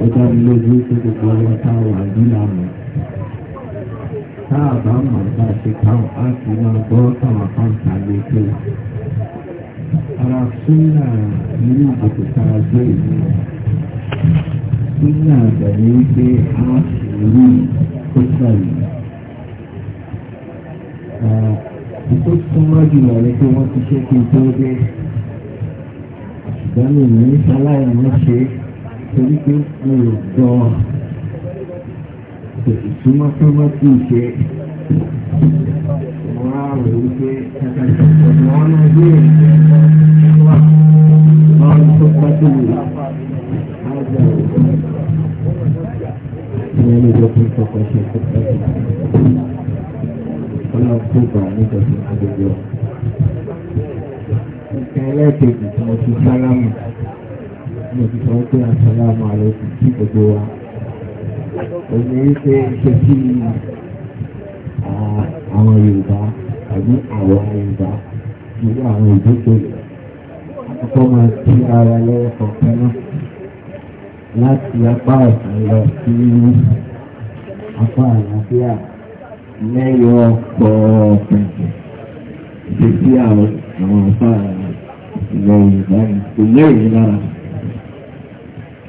ó dá mi lójú pé gbogbo ọwọ́ tá a wà ní ìlànà tá a bá mọ̀ bá a ṣe káwọn á sì máa gbọ́ káwọn fáńtà lè tó ara súnà nínú àbùkù tá a gbé ìlú súnà bẹ̀rẹ̀ wípé a sì rí tó sọ̀rọ̀ tó súnmọ́ jùlọ ni pé wọ́n ti ṣe kí n tó dé ṣùgbọ́n mi ò ní sáláì ní ṣe é torí pé mo rò gan-an kò sì túmọ̀ ṣe wọ́n á rò wípé kàkà ìṣòro wọn náà gbé ẹ̀kọ́ wà lọ́wọ́ tó pàtó wò ájà rò. Ìyẹn ló jẹ́ pé kọ́kọ́ ṣe tó pàtó. Ọlọ́run tó gbà níjọsìn àgbègbè ọ̀. Ìkànnì ẹlẹ́ẹ̀kejì tí mo ti sálámù mo ti sọ pé àṣàlámù àlòkù sí gbogbo wa òní wípé iṣẹ́ sí àwọn Yorùbá àbí àwọn Yorùbá nínú àwọn ìdókòwò àkọ́kọ́ máa ti ara lọ́wọ́ kọ̀ọ̀kan náà láti apá ọ̀sán lọ sí apá àlàáfíà lẹ́yọ kọ̀ọ̀kan ìṣesí àwọn àwọn apá ilẹ̀ Yorùbá kò lẹ́yìn lára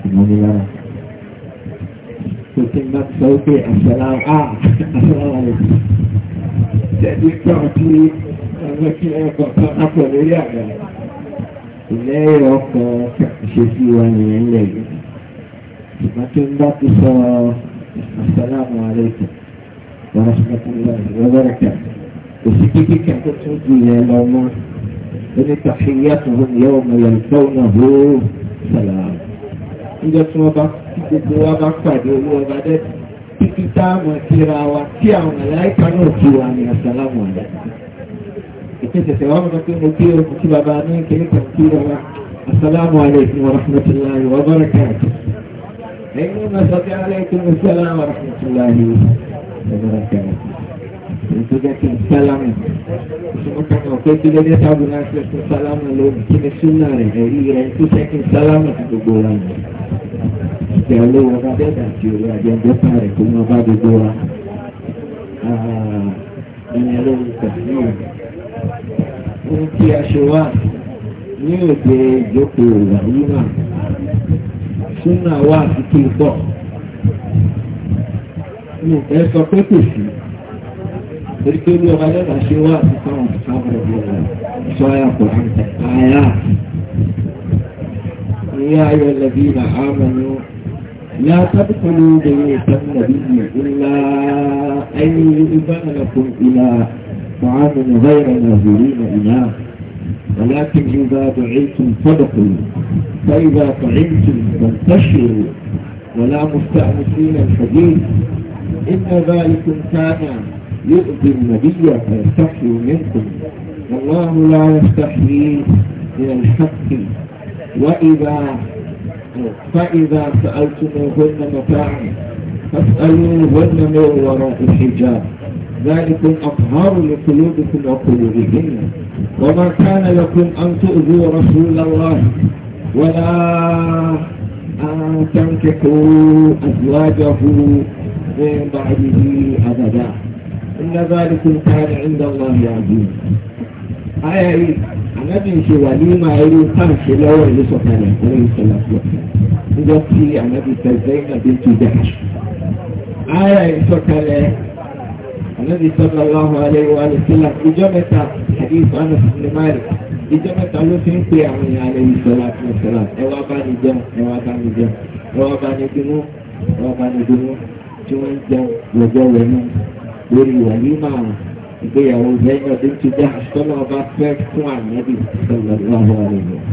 ìmọ̀nilára tó tí bá sọ pé àṣàlárànlẹ́kùn tẹ́lú kan tí ẹgbẹ́ kí ẹ̀kọ́ kan ápọ̀ lórí àgbà ìlẹ́yìn ọkọ̀ ṣe sí wa nìyẹn lẹ́yìn ṣùgbọ́n tí bá ti sọ àṣàlárànlẹ́kùn wọ́n ṣe kúrò lọ́wọ́rẹ́ kan òsì kíkí kan tó tún ju yẹn lọ mọ́ onítàfíyàtò yẹ́wọ̀n yẹn tó náà ó sàlàyé níjọ́ tí wọ́n bá gbogbo wa bá pàdé owó ọba dẹ́tì títí táàmù síra wa tí àwọn ẹ̀láìka náà ti wà ní àsàlámù ọ̀dà. ìpínlẹ̀ wa mọ̀ pé mo gbé ohun tí bàbá ní kékeré kan sí wa àsàlámù alaykum wa rahmatullahi wa barakatuh. ẹ̀yin ní ma sọ pé alaykum salaam wa rahmatullahi wa barakatuh ètò jẹ́ kí n sálámù ìṣòwò pé kí lóde sábà náà ṣe fún sálámù lórí kí ni súnà rẹ̀ ẹ̀rí rẹ̀ tó jẹ́ kí n sálámù sí gbogbo wa nù. ìjà olówó ọba dẹ́gbà tí òwe àjẹjọ́ pa rẹ̀ kó máa bá gbogbo wa. ẹni olórúkọ náà ohun tí a ṣe wá ní òde ìjókòó ìwà yìí súnà wà àti kí n pọ̀. mi ò fẹ́ sọ pé kò sí. Porque meu marido nasceu lá, então, sábado de só é a يا أيها الذين آمنوا لا تدخلوا بيت النبي إلا أن يؤذن لكم إلى طعام غير ناظرين إله ولكن إذا دعيتم صدقوا فإذا طعمتم فانتشروا ولا مستأنسين الحديث إن ذلكم كان يؤذي النبي فيستحي منكم والله لا يستحي من الحق وإذا فإذا سألتموهن متاعا فاسألوهن من وراء الحجاب ذلكم أطهر لقلوبكم وقلوبهن وما كان لكم أن تؤذوا رسول الله ولا أن تنكحوا أزواجه من بعده أبدا إن ذلك كان عند الله عظيم ayé yìí ànábì ń ṣe wà ní màálù táǹkì lọ́wọ́ ìlú sọ̀kalẹ̀ àlẹ́ ìṣẹ̀lẹ̀ àpọ̀ níjọ́ tí ànábì tẹ̀sẹ̀ ìgbàdé tó dẹ̀. ayé ìṣọ̀kalẹ̀ ànábì sọ̀rọ̀ lọ́wọ́ alẹ́ wa lè sílẹ̀ ìjọ mẹ́ta àbí ìfọ̀nà sinimárì ìjọ mẹ́ta ló fi ń pe àwọn èèyàn alẹ́ ìṣẹ̀lẹ̀ àpọ̀ ìṣẹ̀lẹ̀ ẹ wá bá ní jẹun ẹ wá bá ní jẹun ẹ wá bá ní dunu ẹ wá bá ní dunu tí wọ́n ń jẹun lọ́jọ́ wẹ̀ náà. للوليمة بيع وزيمة بنت ده عشان رضاك فاتك مع النبي صلى الله عليه وسلم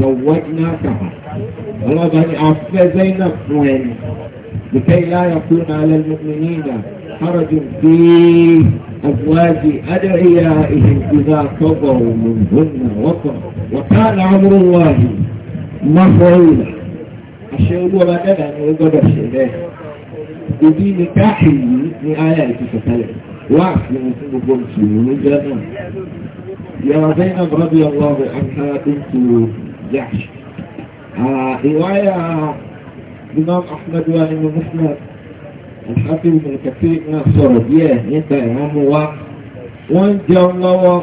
زوجنا كها الله بني عفا زينب مهم لكي لا يكون على المؤمنين حرج في أزواج أدعيائهم إذا قضوا منهن وطن وكان عمر الله مفعولا الشيء هو بدلا يقدر شيء ibi ni káàkiri ní ayà ìfìsọ̀tẹ́lẹ̀ wà sí ohun fún gbogbo mùsùlùmí jẹ́ náà yàrá Zainab radiyallahu anha bintu Jahsh رواية الإمام أحمد وإمام مسلم الحافظ من كثير من الصردية أنت إمام واقف wọ́n jẹ́ lọ́wọ́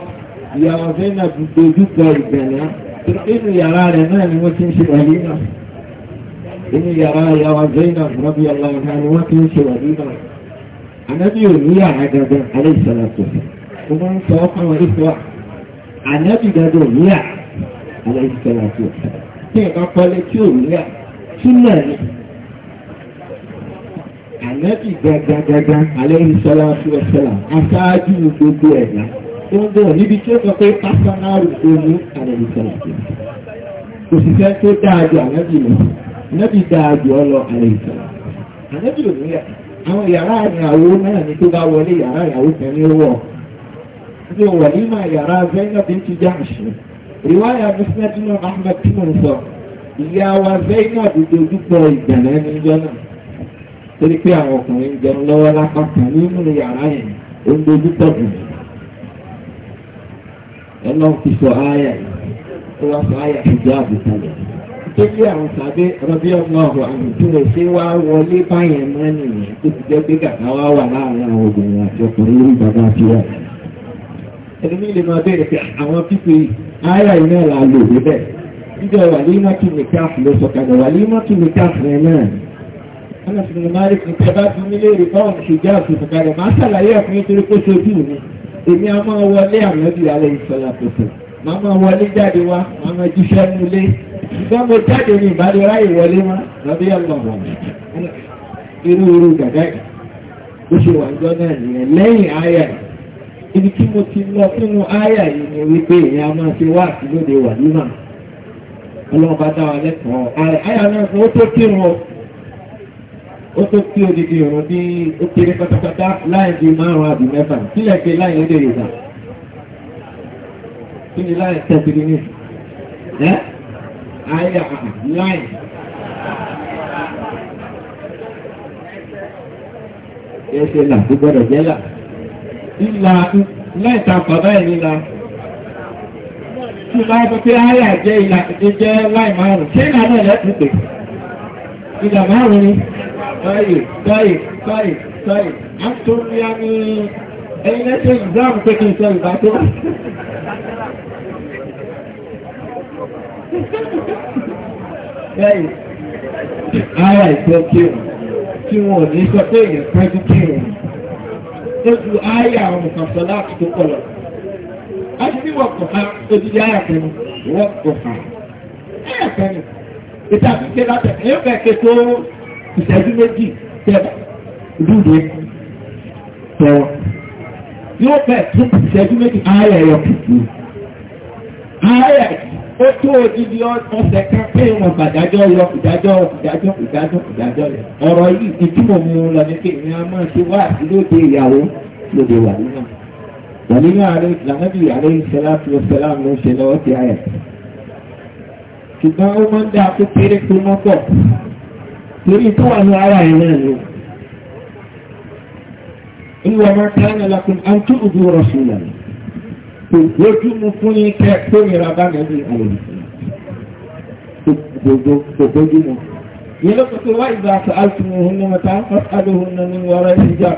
ìyàwó Zainab dojú kọ ìgbẹ̀lẹ́ tó inú yàrá rẹ̀ náà ni wọ́n ti ń ṣe wàlímà nínú yàrá yàwá Zainab rabi aláwọ̀dá ni wọ́n ti ń ṣe wàdí náà anábì ò ní yàrá dandan alẹ́ ìsàlàtò ó máa ń sọ ọkàn wọn ìfọ́ anábì dandan ò ní yàrá alẹ́ ìsàlàtò tí ẹ̀ka pọ́lẹ́ tí ò ní yàrá túnlẹ̀ ni anábì gàgàgàgà alẹ́ ìsàlàtò ọ̀sẹ̀là aṣáájú gbogbo ẹ̀dá tó ń bọ̀ níbi tí ó sọ pé pásánárì omi alẹ́ ìsàlàtò òṣìṣẹ́ tó dáa ju anábì lọ ànábì dáa jù ọ lọ àlẹ́ ìsọ̀rọ̀ ànábì ò ní àwọn yàrá ìyàwó náà ni tó bá wọlé yàrá ìyàwó kan ní wọ̀ ní wọ̀lé máa yàrá Zainab ti já àṣù ìwáyà Musnad náà Ahmed tí mo ń sọ ìyá wa Zainab dojúkọ ìgbàlẹ́ níjọ́ náà torí pé àwọn ọkùnrin jẹun lọ́wọ́ lápá kan nínú yàrá yẹn ó ń dojúkọ bùnú ẹlọ́n ti sọ ayà yìí ó wá sọ ayà ìjọ àbùkù yẹn pé kí àwọn sàbẹ́ rọ́bí ọ̀nà ọ̀rọ̀ àmì tí lè ṣe wá wọlé báyẹn mọ́ nìyẹn tó ti jẹ́ pé kàkà wá wà láàárín àwọn obìnrin àti ọkùnrin lórí bàbá àti wa. ẹni mi lè máa bẹ̀rẹ̀ pé àwọn pípe ara iná la lò débẹ̀ níjọ wàlímọ́ tún ní káàfù ló sọ kalẹ̀ wàlímọ́ tún ní káàfù rẹ̀ náà. wọ́n ti ní máa rí fún tẹ́ bá fún mi léèrè báwọn ti já òfin sọ̀kalẹ̀ máa ṣàlàyé ẹ̀fún nítorí pé ṣojú mi èmi a máa wọlé àmọ́bí alẹ́ ìsọ̀lá pẹ̀tẹ̀ máa máa wọlé jáde wá máa máa jíṣẹ́ nílé ṣùgbọ́n mo jáde ní ìbádọ́rá ìwọlé mọ́ lọ́bí ọlọ́wọ́ irú irú gàgá bó ṣe wà ìjọ náà nìyẹn lẹ́yìn àyà ibi tí mo ti lọ sínú àyà yìí ni wípé èèyàn a máa ṣe wá àtìlóde wà nímà ọlọ́run bá dá wa lẹ́kọ̀ọ́ àyà náà fún ó tó kírun o ó tó kí odidi ìrùn bí ó kéré pátápátá láì di márùn-ún àbí mẹ́fà sílẹ̀ pé láì lédè ìgbà kí ni láì tẹ̀sílẹ̀ ní ẹ́ àyà láì ẹsẹ̀ là tó gbọ́dọ̀ jẹ́ là ńlá láìta bàbá ẹ̀ nílá tí máa bọ́ pé àyà jẹ́ ìlà jẹ́ láì márùn-ún ṣé ìlànà ẹ̀lẹ́tù pè ìlà márùn-ún ni báyìí báyìí báyìí báyìí á tó ní ẹni ẹni lẹ́sẹ̀ ìzáàmù pé kí n sọ ìbá lẹ́yìn ara ìjọ kírun tí wọn ò ní sọ pé èèyàn pẹ́jú kírun ó ju ayé àwọn mùkànṣọ́ láti tó pọ̀ lọ. a ti ní wọ́n kọ̀ọ̀kan odidi ayé àtẹnu wọ́n kọ̀ọ̀kan ayé àtẹnu ìta àtúnṣe láti ẹ̀ yóò fẹ́ tó ìṣẹ́jú méjì tẹ́lẹ̀ ìdúró tọ̀wọ̀ yóò fẹ́ tó ìṣẹ́jú méjì ayé ẹ̀yọ̀ kìkì ayé ẹ̀kì ó tó odidi ọ̀sẹ̀ kan pé wọn gbàdájọ́ yọ ìdájọ́ ìdájọ́ ìdájọ́ ìdájọ́ rẹ̀ ọ̀rọ̀ yìí ìtumọ̀ mu lọ ní pé ìrìn àmọ́ ti wá lóde ìyàwó lóde wà nínú wà nínú ààrẹ ìlànàbí ààrẹ ìṣẹlá tó ṣẹlá ló ṣe lọ́wọ́ ti ayẹ̀ ṣùgbọ́n ó máa ń dá tó kéré tó mọ́ pọ̀ torí tó wà ní ara ẹ̀ náà ni ìwọ̀n máa tẹ́lẹ̀ lọ́kùnrin lójú mu fún yín kẹ́ tó yẹra bá nẹ́bí ọ̀rọ̀ gbogbo mu. yìí ló kọ́ tó wá ìgbà àti àtúnú òun ní wọn táwọn fọ́sí àdéhùn náà ní wọ́n rẹ̀ sí jà.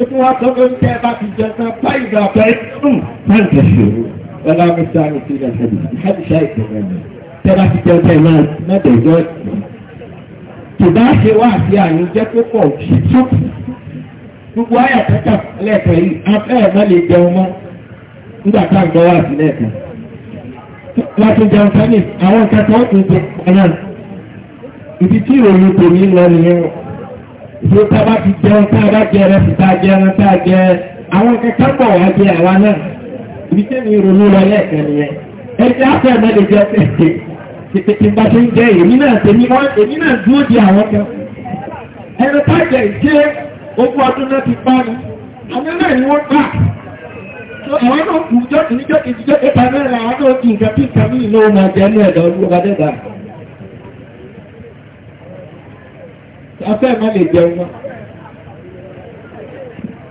ó tún wá sọ pé ń kẹ́ bá ti jẹ tán bá ìgbà pẹ́ um, ń tán tẹ̀ ṣòro. wọn lá mi sáré sí ilẹ̀ ṣẹ́bi ìṣẹ́bi ṣáà ìṣẹ̀lẹ̀ mi. ti jẹ tẹ́ náà mẹ́tẹ̀ yọ ẹ̀sìn. tìbá ṣe wá àti àyín jẹ́ pé pọ̀ ṣùkú. gbogbo ayàtẹ́kà lẹ́ẹ̀kẹ́ yìí afẹ́ ẹ̀ nígbà tá à ń gbọ́ wà sí lẹ́ẹ̀kan. láti jẹun sẹ́ni àwọn nǹkan tó ń ti pààyàn ibi tí ìròyìn tèmi lọ nìyẹn o. ìṣòro tá a bá ti jẹun tá a bá jẹ ẹrẹ sí tá a jẹ ẹran tá a jẹ àwọn kẹkẹ pọ̀ wá jẹ àwa náà ibi tẹ́mi ìròyìn lọ lẹ́ẹ̀kan nìyẹn. ẹ̀jẹ̀ á fẹ́ mẹ́lẹ̀ jẹ tètè bá ṣe ń jẹ èmi náà tèmi wọ́n èmi náà dúró di àwọn kan. ẹ̀rọ tá a jẹ ìṣe ogún ọdún náà ti bá mi àwọn náà ni wọ́n gbà àwọn náà kù jọ́kì ní jọ́kì ní jọ́kì tàbí ẹ̀rọ àwọn òkè nǹkan bí nǹkan mí ìlú ọmọ jẹ́ ní ẹ̀dọ̀ olú ọba dẹ́gbà. afẹ́ má lè jẹun mọ́.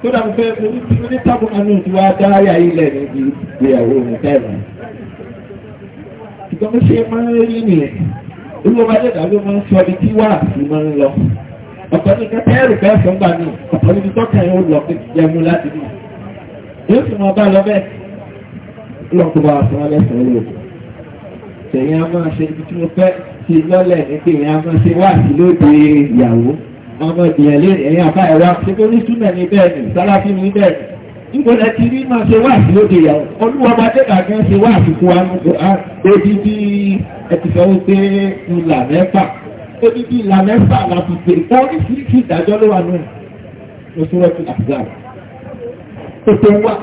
tó dà mo fẹ́ mo ní tí mo ní tábù kan ní ìdíwá dáhàyà ilẹ̀ níbi ìgbéyàwó mi tẹ́lẹ̀. ìgbọ́n ṣe máa ń rí nìyẹn olú ọba dẹ́gbà ló máa ń sọ ibi tí wàá sí máa ń lọ. ọ̀pọ̀ ní kẹ́tẹ́rù bẹ́ẹ̀ fún gbà náà ọ̀pọ̀ níbi tọ́kẹ́ yóò lọ pé jẹun láti nù yóò sì máa bá lọ bẹ́ẹ̀ lọ́kùnbà àfọwọ́ lẹ́sàn-án lò tẹ̀yìn a máa ṣe ibi tí mo fẹ́ ti lọ́lẹ̀ ní pé èèyàn a ìyàwó ọmọ ìdíyẹ̀lé ẹ̀yìn àbá ẹ̀rọ ṣe tó ní súnmẹ̀ ní bẹ́ẹ̀ ni sáláfí ni níbo lẹ ti rí máa ṣe wáàsí lóde ìyàwó olúwa ọba dẹ́gbà gan ṣe wáàsí fún wa nùgbò á débi bí ẹ ti sọ wípé ìlà mẹ́fà débi bí ìlà mẹ́fà tó wà.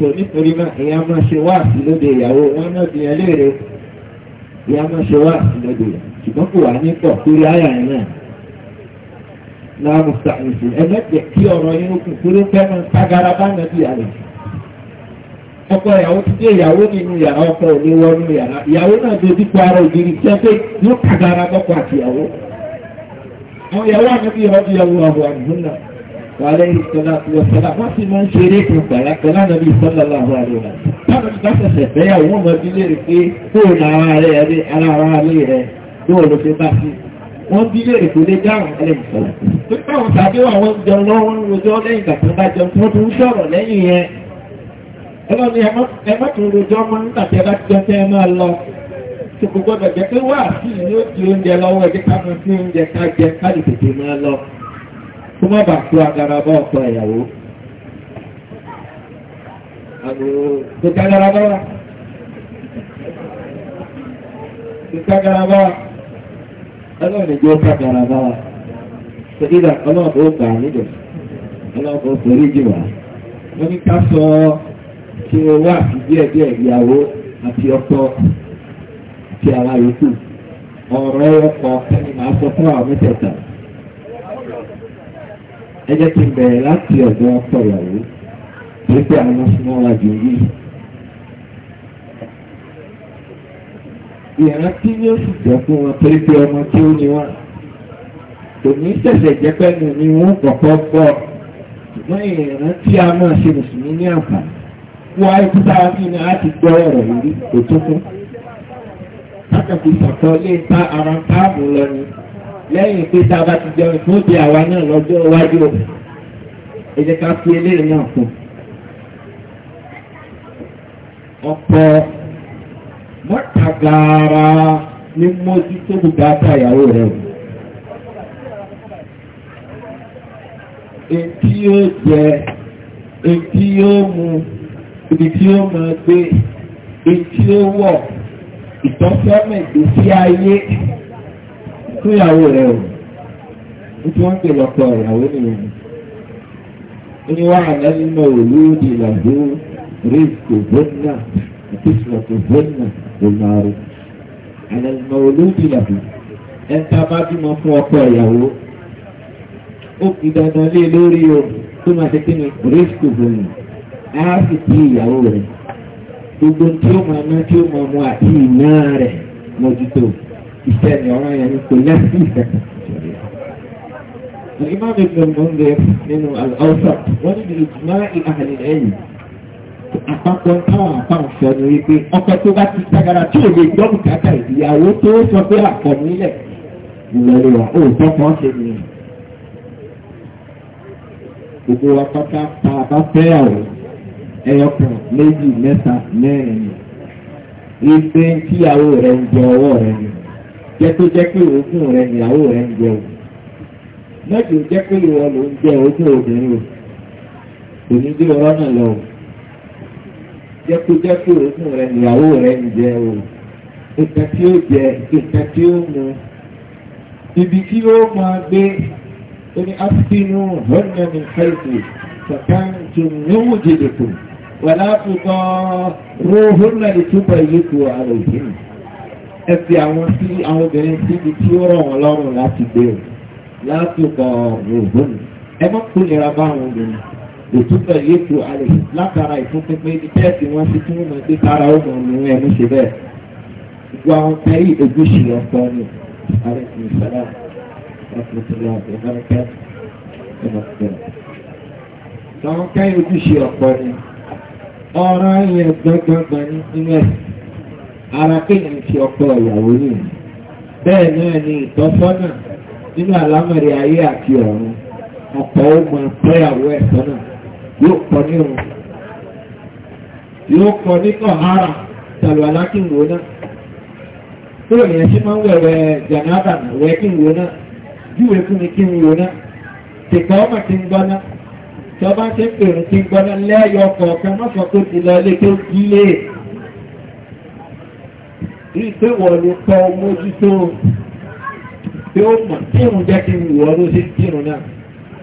Sọ nítorí náà ìyá máa ṣe wá sí lóde ìyàwó wọn náà di ẹlẹ́rẹ̀. Ìyá máa ṣe wá sí lóde ṣùgbọ́n kò wá ní pọ̀ torí àyà yẹn náà. Láàmú sàmùsù ẹlẹ́jẹ̀ kí ọ̀rọ̀ yín kù torí fẹ́mi ságara bá nà bí àlè. Ọkọ ìyàwó ti dé ìyàwó nínú yàrá ọkọ òní wọnú yàrá. Ìyàwó náà dojú kọ ara ògiri tí a fẹ́ yóò kàgara bọ́kọ àtìyàwó. Àwọn ìyàwó àmì وعليه الصلاة والسلام وفي من شريكك لكن النبي صلى الله عليه وسلم tábà ti dáṣẹ̀ ṣẹ̀fẹ́ àwọn ọmọ ìbílẹ̀ rẹ̀ pé kóò ní ara rẹ̀ rí ara ara rẹ̀ rẹ̀ kóò ló ṣe bá sí wọ́n bílẹ̀ rẹ̀ kò lè dáhùn ẹlẹ́yìn sọ̀rọ̀ tó táwọn tàbí àwọn jẹun lọ́wọ́ ń rojọ́ lẹ́yìn ìgbà tó bá jẹun tó tún sọ̀rọ̀ lẹ́yìn yẹn ẹlọ́ni ẹ má tún rojọ́ mọ́ di oúnjẹ lọ́wọ́ kó má bàa tú agara bá ọ̀pọ̀ ìyàwó. Kòtí agara bá wa. Kòtí agara bá wa. Ọlọ́run ìjọ ká agara bá wa. Kòtí ìdá ọlọ́run tó gbà níbẹ̀. Ọlọ́run tó forí jì wá. Wọ́n ní ká sọ kí o wá àti díẹ̀ díẹ̀ ìyàwó àti ọkọ àti àwa yòókù. Ọ̀rọ̀ ọkọ̀ ọ̀kẹ́ ni sọ fún àwọn mẹ́tẹ̀ẹ̀ta ẹ jẹ́ kí n bẹ̀rẹ̀ láti ọ̀dọ̀ ọkọ ìyàwó torí pé àwọn súnmọ́ra jù ń yí. ìrántí ni ó sì jẹ́ fún wọn torí pé ọmọ tí ó ní wọn kò ní ṣẹ̀ṣẹ̀ jẹ́ pẹ́nu ni wọ́n kọ́kọ́ gbọ́ ṣùgbọ́n ìrántí a máa ṣe mùsùlùmí ní àǹfààní wọ́n á kú sára ní iná láti gbọ́ yìí kò tó fún. látàkùn ìṣàkọọ́lé ta ara ń káàmù lọ ni lẹ́yìn pé tá a bá ti jẹun tó di àwa náà lọ́jọ́ iwájú ẹ jẹ́ ká fi eléyìí náà kù. ọkọ mọ́tàgàrà ní mọ́jú tó kù dáadáa ìyàwó rẹ̀ o. Ètí yóò jẹ, ètí yóò mu, ibi tí yóò máa gbé, ètí yóò wọ̀, ìtọ́sọ́nà ìgbésí ayé fún ìyàwó rẹ̀ o ní tí wọ́n ń pè lọ́pọ̀ ìyàwó nìyẹn ní wọ́n hàn lẹ́nu mọ́ òlúdi ìlàgbó rìsíkò bọ́nà ìpísìlọ̀kọ̀ bọ́nà ìmọ̀ọ́rọ̀ àlẹ́nu mọ́ òlúdi ìlàgbó ẹ̀ńtà bá bímọ fún ọkọ ìyàwó ó fi dandan lé lórí o tó máa ṣe kí ni rìsíkò bọ́nà á sì ti ìyàwó rẹ̀ gbogbo tí ó máa ná tí ó máa mú àti ìná rẹ̀ mọ́jútó iṣẹ́ ni ọ̀rọ̀ yẹn kò lẹ́sí ìfẹ́ الإمام ابن المنذر من الأوسط ولد إجماع أهل العلم àpapọ̀ táwọn àpapọ̀ sọ ni wípé ọkọ tó bá ti tagara tí ò lè gbọ́ bùkátà ìyàwó tó sọ pé àpọ̀ nílẹ̀ ìlọrin wa ó tọ́kọ̀ ṣe ni. gbogbo wa pátá tá bá fẹ́ àwọ̀ ẹyọkàn méjì mẹ́ta mẹ́rin ni. ìpè tíyàwó rẹ̀ ń jẹ ọwọ́ rẹ̀ ni jẹ́ tó jẹ́ pé òògùn rẹ̀ ìyàwó rẹ̀ ń jẹ o mẹ́jọ pé ìwọ ló ń jẹ òògùn obìnrin o kò ní bí ọ̀rọ̀ lọ o jẹ́ tó jẹ́ pé òògùn rẹ̀ ìyàwó rẹ̀ ń jẹ o nǹkan tí ó jẹ nǹkan tí ó mu ibi tí ó máa gbé ó ní áfínú ọ̀nà mi fẹ́ẹ̀kì kàkà níwò jẹjẹ wàlá tó kọ́ náà lè túbọ̀ yìí ẹ fi àwọn sí àwọn obìnrin síbi tí ó rọ̀ wọ́n lọ́rùn láti gbé o láti kọ̀ òògùn ẹ má kó nira bá àwọn obìnrin òtútọ̀ yéètò alẹ́ látara ìfúnpínpín ibi tẹ́ẹ̀sì wọn sí tí wọ́n máa gbé kára ó mọ̀ ní wọn ẹ̀mú ṣe bẹ́ẹ̀ gbogbo àwọn tẹ́yì ojúṣe ọ̀pọ̀ ni alẹ́ kì í sára ọkùnrin tó lọ àbẹ̀ mẹ́rẹ́kẹ́ ẹ̀mọ̀ bẹ̀rẹ̀. àwọn tẹ́yì ojúṣe ọ̀pọ̀ ni ọ̀rọ̀ yẹn gbọ́ngbọ́ngbọ́n nínú ara kéèyàn fi ọkọ ìyàwó yìí bẹ́ẹ̀ náà ni ìtọ́sọ́nà nínú àlámọ̀rí ayé àti ọ̀run ọ̀pọ̀ ó mọ pẹ́yàwó ẹ̀sọ́ náà yóò kọ́ ní òun yóò kọ́ ní kọ̀hárà tàbí alákìnwó náà kúrò yẹn ṣe máa ń wẹ̀wẹ̀ jàǹdà wẹ̀ kí n wò náà júwe fún mi kí n wò náà tìkọ́ ọmọ ti ń gbọ́ náà tọ́ bá ṣe ń pèrò ti ń gbọ́ náà lẹ́yọ̀ kọ̀ọ̀kan má sọ pé ti lọ ilé tó dílé ìpé wọ̀n ní pọ̀ mójútó tí ó mọ̀ tí ìrùn jẹ́ kí wọ́n ló sí kírùn náà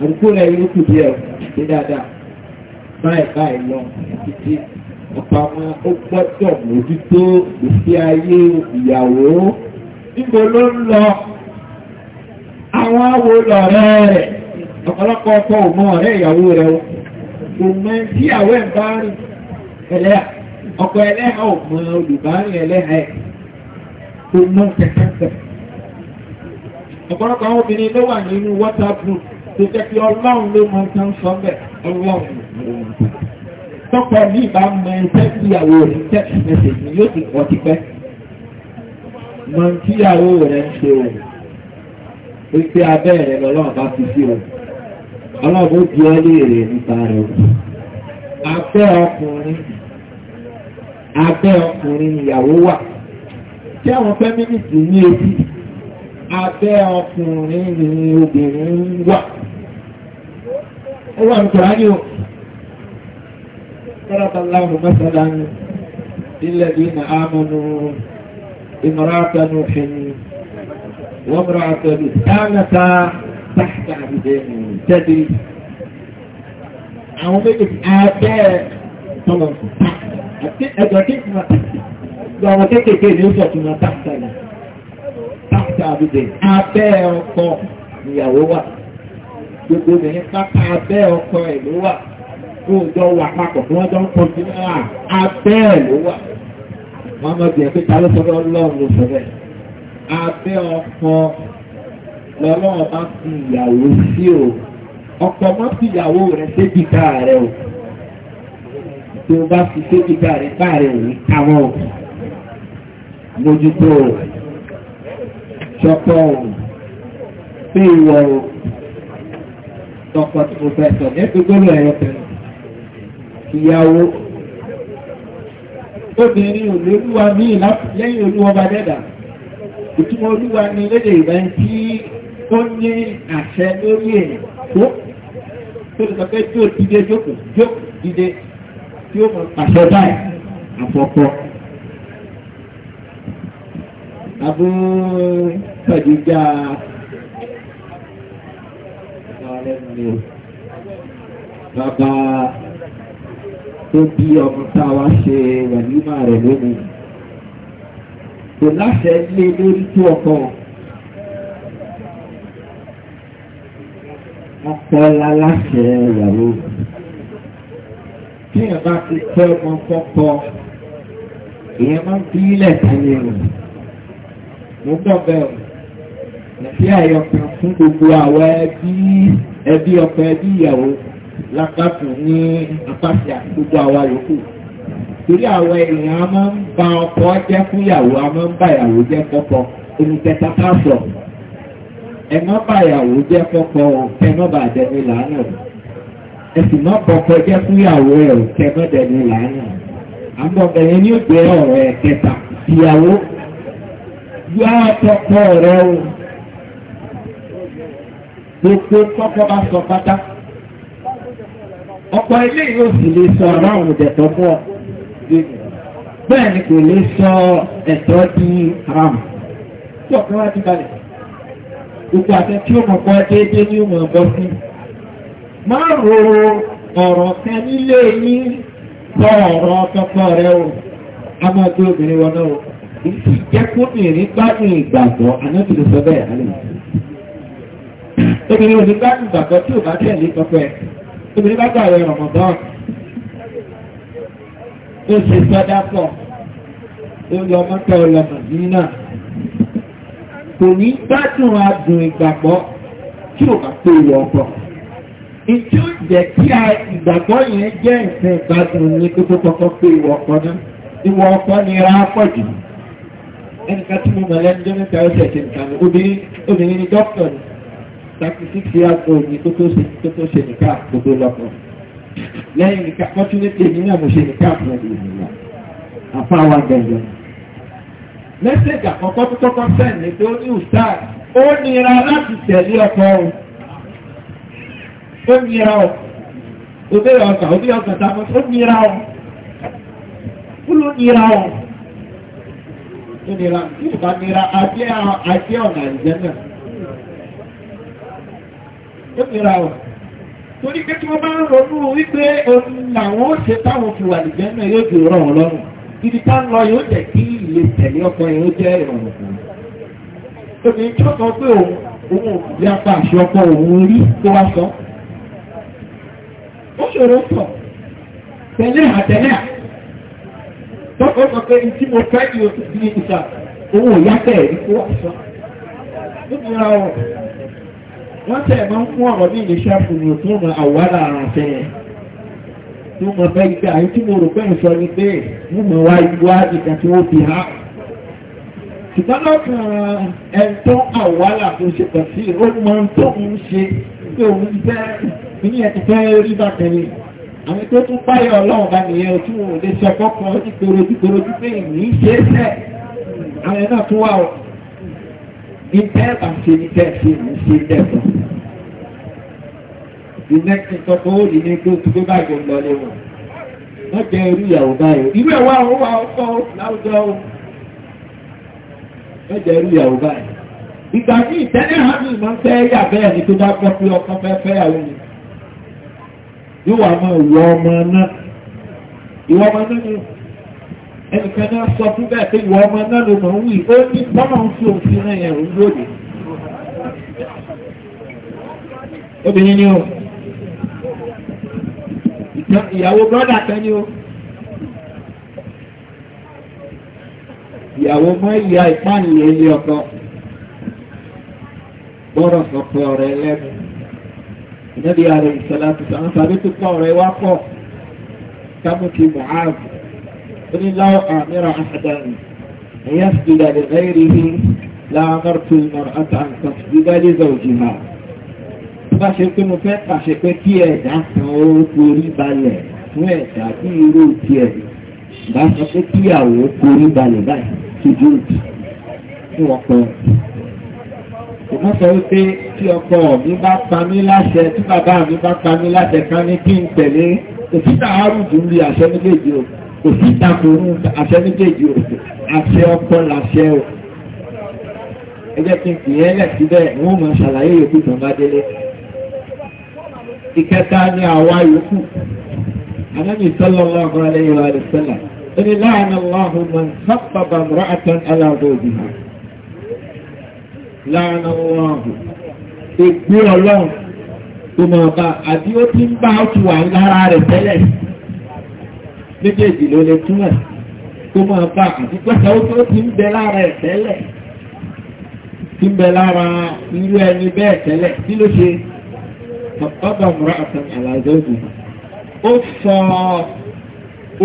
àdúgbò rẹ̀ yóò kù díẹ̀ sí dáadáa báyìí báyìí lọ títí ọ̀pọ̀ àwọn ó gbọ́dọ̀ mójútó ìfí ayé ìyàwó níbo ló ń lọ àwọn awo lọ̀rẹ́ rẹ̀ ọ̀pọ̀lọpọ̀ ọkọ̀ ò ọ̀rẹ́ ìyàwó rẹ̀ o kò mọ ìyàwó ẹ̀ bá rìn ẹlẹ́à ọkọ̀ ẹlẹ́à ò mọ olùbárìn ẹlẹ́à ẹ̀ kò mọ́ kẹ̀kẹ́kẹ̀. ọ̀pọ̀lọpọ̀ àwọn obìnrin ló wà nínú water group tó jẹ́ pé ọlọ́run ló mọ nǹkan sọ bẹ́ẹ̀ ọlọ́run tọ́pọ̀ ní ìbámu ẹ̀ńtẹ́ ìyàwó rẹ̀ text message ni yóò ti pọ̀ tipẹ́ mọ tíyàwó rẹ̀ ń ṣe òun wípé abẹ́ rẹ̀ lọ́lọ́run bá fi sí òun ọlọ́run ó di ọ́ léèrè nípa rẹ̀ òun abẹ́ ọkùnrin abẹ́ ìyàwó wà tí àwọn feminist ní etí abẹ́ ọkùnrin ni obìnrin wà ó wà ní kùránì o ضرب الله مثلا للذين آمنوا امرأة نوح وامرأة لوط كانتا تحت عبدين تدري àwọn méjèèjì abẹ́ tọ́lọ̀ àti ẹ̀dọ̀ tí ìfúnra tàbí gbogbo àwọn kéékèèké ni ó jọ tó máa táàkì àná táàkì àbúdé abẹ́ ọkọ ìyàwó wà gbogbo obìnrin pápá abẹ́ ọkọ ẹ̀ ló wà tó jọ wà papọ̀ tí wọ́n jọ ń kọjú náà abẹ́ ẹ̀ ló wà wọ́n mọ̀ bí ẹ̀ pé ta ló sọ bẹ́ẹ̀ ọlọ́run ló sọ bẹ́ẹ̀ abẹ́ ọkọ lọ́lọ́run bá fi ìyàwó sí o ọkọ mọ́ sí ìyàwó rẹ̀ débi ká rẹ̀ o tó bá fi débi ká rẹ̀ ká rẹ̀ òun káwọn òkú mójútó ṣọpọ̀ pé ìwọ̀ tọkọ tí mo fẹ́ sọ nípa gbọ́dọ̀ ẹ̀rọ pẹ̀lú ìyàwó obìnrin ò lórúwa míì lẹ́yìn olúwa bá dẹ́dà ìtumọ̀ olúwa ni lédè ìgbà tí ó ní àṣẹ lórí èèyàn tó tó lè sọ pé tí ó dìde jókòó jókòó dìde tí ó mọ̀ pàṣẹ báyìí àfọ̀kọ́. Abu Khadija bàbá tó bí ọmọ táwa ṣe wàlímà rẹ̀ lónìí kò láṣẹ lé lórí tó ọkọ̀ ọkọ̀ láláṣẹ ìyàwó tí ẹ̀ bá ti tẹ́ ọmọ kọ́kọ́ ìyẹn máa ń bí ilẹ̀ tẹ́lẹ̀ rẹ̀ mo gbọ́ bẹ́ẹ̀ o nàbí àyọkàn fún gbogbo àwọn ẹbí ẹbí ọkọ ẹbí ìyàwó lápapọ̀ ní apáṣẹ àti gbogbo àwa yòókù torí àwọn èèyàn a máa ń ba ọkọ jẹ́ fún ìyàwó a máa ń ba ìyàwó jẹ́ kọ́kọ́ oníkẹta ká sọ ẹ má ba ìyàwó jẹ́ kọ́kọ́ o kẹ má ba dẹni làánà o ẹ sì má bọkọ jẹ́ fún ìyàwó ẹ o kẹ má dẹni làánà o àbọ̀bẹ̀yẹn ni ó gbé ọ̀rọ̀ ẹ̀ kẹta ìyàwó yá tọkọ rẹ o gbogbo tọkọ bá sọ pátá ọ̀pọ̀ ilé yóò sì lè sọ aráàlú dẹ̀tọ́ fún ọ bẹ́ẹ̀ ni kò lè sọ ẹ̀tọ́ di aráàlú tí ọ̀pọ̀ wá ti balẹ̀ gbogbo àti tí ó mọ̀ pọ̀ déédéé ní ìmọ̀ ọ̀bọ sí máa ro ọ̀rọ̀ kan nílé yín sọ ọ̀rọ̀ tọkọ rẹ o a máa gbé obìnrin wọn náà o. Ìtì jẹ́kúnrin gbádùn ìgbàgbọ́, ànábìlú sọ bẹ́ẹ̀ alẹ́ ìsìn. Obìnrin ìgbàgbọ́ tí ò bá tẹ̀lé pẹpẹ. Obìnrin bá gbàwẹ̀ Ramadan. Ó ṣe yìí náà. Kò ìgbàgbọ́ tí kí ìgbàgbọ́ yẹn jẹ́ ìsìn ìgbádùn ní kókó kọ́kọ́ pé ìwọ pọ̀ jù ẹnìkan tí mo mọ̀ lẹ́nu jẹ́ mẹ́ta ọ̀sẹ̀ ṣe nìkan ní obìnrin ní dókítà ní thirty six years old ní tó tó ṣe nìkan gbogbo lọ́kọ̀ lẹ́yìn nìkan fortunately èmi náà mo ṣe nìkan fún ẹ̀dùn ìlú àfa wa gẹ̀ẹ́gẹ́ mẹ́sẹ̀gì àkọ́kọ́ tó kọ́kọ́ sẹ́ẹ̀ ní tó ní ustaz ó nira láti tẹ̀lé ọkọ o ó nira o òbí ọkà òbí ọkà táwọn ó nira o kúló nira o nínira tí ìbá nira àti ọ̀nà ìjẹ́ náà. Ó nira ọ̀. Torí pé tí wọ́n bá ń ronú wípé ohun làwọn ó ṣe táwọn fi wà nìjẹ́ náà yóò jù rọ̀ wọ́n lọ́rùn. Ibi tá ń lọ yóò jẹ́ kí ilé tó o sọ pé tí mo fẹ́ kí o sì bí ìta owó yàtẹ̀ ikú àṣọ. nígbà wọn wọ́n tẹ̀ máa ń fún ọ̀rọ̀ ní ìlẹ́ṣẹ́ fúnni tó mọ àwárà àrànṣẹ́ yẹn tó mọ bẹ́ẹ̀ gbé àyè tí mo rò pé ìsọ ni pé mo mọ̀ wá ìwá ìgbà tí ó fi há. ṣùgbọ́n lọ́kàn ẹ̀ńtọ́ àwárà tó ṣe pẹ̀sí ó mọ ohun tó ń ṣe pé òun fẹ́ àwọn tó tún páyọ̀ ọlọ́run bá nìyẹn ojú wọn lè sọ kọ́kọ́ nígboro nígboro wípé ìní ṣe é sẹ́ àwọn náà tún wà ó ní tẹ́ẹ̀bà ṣe ní tẹ́ẹ̀ṣe ní ṣe tẹ́ẹ̀bà the next thing tọ́kọ ó lè ní pé o ti gbé báàgì lọ lé wọn wọ́n jẹ́ irú ìyàwó báyìí irú ẹ̀ wá ó wà ó kọ́ láwùjọ ó wọ́n jẹ́ irú ìyàwó báyìí ìgbà ní ìtẹ́lẹ̀ hàn yóò wà máa wọ ọmọ náà ìwọ ọmọ náà ni ẹnìkan náà sọ fún bẹ́ẹ̀ pé ìwọ ọmọ náà ló mọ̀ ń wí ó ní sọ́nà ń fi òfin náà yẹn ń lóde obìnrin ni o ìyàwó brọ́dà kan ni o ìyàwó mọ́ ìyá ìpáàlì ilé ọkọ gbọ́dọ̀ sọ pé ọ̀rẹ́ lẹ́nu ànábì ààrẹ ìṣẹ̀lá ti sàn sàbí tó pọ̀ ọ̀rẹ́ wá pọ̀ kámúkì Mu'adh ó ní láwọ́ àmìrà àhàdánì ẹ̀yà sùdà lè rẹ́rì hí láàmúr tó lọ́rọ̀ àtàǹkà sùdà lè zọ̀jì hà. bá ṣe pé mo fẹ́ pàṣẹ pé kí ẹ̀dá kan ó forí balẹ̀ fún ẹ̀dá bí irú tiẹ̀ bá sọ pé kíyàwó forí balẹ̀ báyìí tó dúró tí wọ́n pẹ́ kò mọ́ sọ wípé tí ọkọ mi bá pa mí láṣẹ tí bàbá mi bá pa mí láṣẹ kan ní kí n tẹ̀lé kò sí tààrùdù ń rí àṣẹ méjèèjì o kò sí tàkùrù àṣẹ méjèèjì o àṣẹ ọkọ làṣẹ o ẹ jẹ́ kí n pìyẹ́ lẹ̀ síbẹ̀ wọ́n mọ̀ ṣàlàyé yòókù tó bá délé ìkẹta ni àwa yòókù anábì sallallahu alaihi wa sallam ó ní láàánú Allahu man sábàbà mùrọ̀ àtàn láàrín ọwọ́ ọ̀hún ìgbé ọlọ́run tó máa bá àbí ó ti ń bá ọ̀tù wà lára rẹ̀ tẹ́lẹ̀ méjèèjì ló lè túmọ̀ tó máa bá àti pẹ́sẹ̀ ó tó ti ń bẹ lára ẹ̀ tẹ́lẹ̀ ti ń bẹ lára irú ẹni bẹ́ẹ̀ tẹ́lẹ̀ kí ló ṣe ọba mura àtàn àlàyé ògùn ó sọ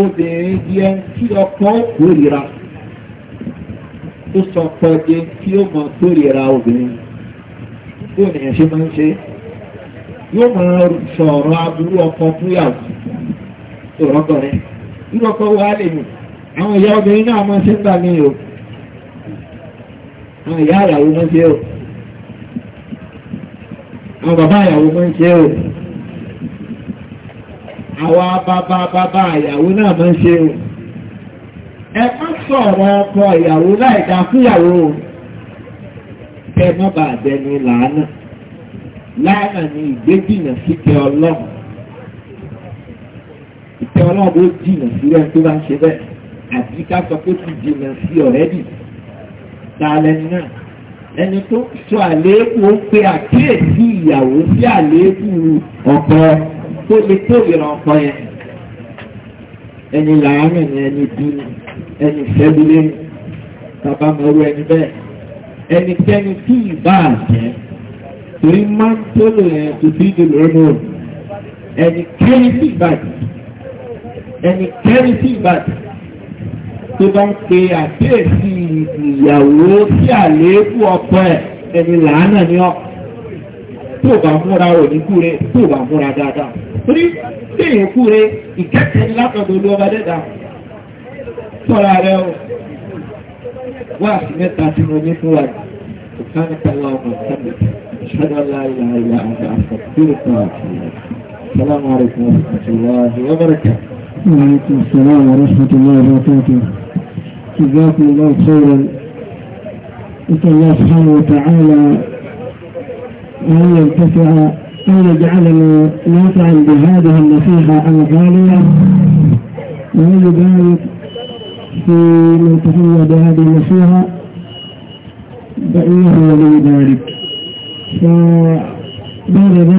obìnrin di ẹni tí ọkọ kórìíra tó sọ pẹ́ẹ́dé tí ó mọ kórìíra obìnrin tó nìyẹn ṣe máa ń ṣe yóò máa sọ̀rọ̀ aburú ọkọ fúyàwó ìrọ́kọ̀rẹ́ irú ọkọ wa lè mú àwọn ìyá obìnrin náà máa ṣe ń gbà mí o àwọn ìyá ìyàwó máa ṣe o àwọn bàbá ìyàwó máa ṣe o àwọn bàbá bàbá ìyàwó náà máa ṣe o ẹ má sọ̀rọ̀ ọkọ ìyàwó láìdá fúyàwó kẹ má bàa dẹni làánà làánà ni ìgbéjìnà sí kẹ ọlọ́run ìtẹ ọlọ́run ó jìnà sí rẹ tó bá ń ṣe bẹ́ẹ̀ àti ká sọ pé ti jìnà sí ọ̀rẹ́dì ta lẹni náà ẹni tó sọ àléébù ó pe àkíyèsí ìyàwó sí àléébù ọkọ tó lè tó ìran yẹn ẹni làánà ni ẹni dúró ẹni ìfẹ́lúlé tàbá mọ̀rú ẹni bẹ́ẹ̀ ẹni tẹ́ni tí ìbá àjẹ́ torí máa ń tó lò ẹ̀ tó bí ìdè lọ́nà ẹni kẹ́ni tí ìbàjẹ́ ẹni kẹ́ni tí ìbàjẹ́ tó bá ń pe àkíyèsí ìyàwó sí àléébù ọkọ ẹ̀ ẹni làánà ní ọ tó bá múra òníkúre tó bá múra dáadáa torí téèyàn kúre ìkẹ́kẹ́ látọ̀dọ̀ olú ọba dẹ́dáa سبحانك اللهم وبحمدك أشهد أن لا إله إلا أنت السلام عليكم ورحمة الله وبركاته وعليكم السلام ورحمة الله وبركاته جزاكم الله خيرا نسأل الله سبحانه وتعالى أن ينتفع أن يجعلنا نافعا بهذه النصيحة الغالية وأن يبارك في من تفيد هذه النصيحة بأنه ولي ذلك فبعد ذلك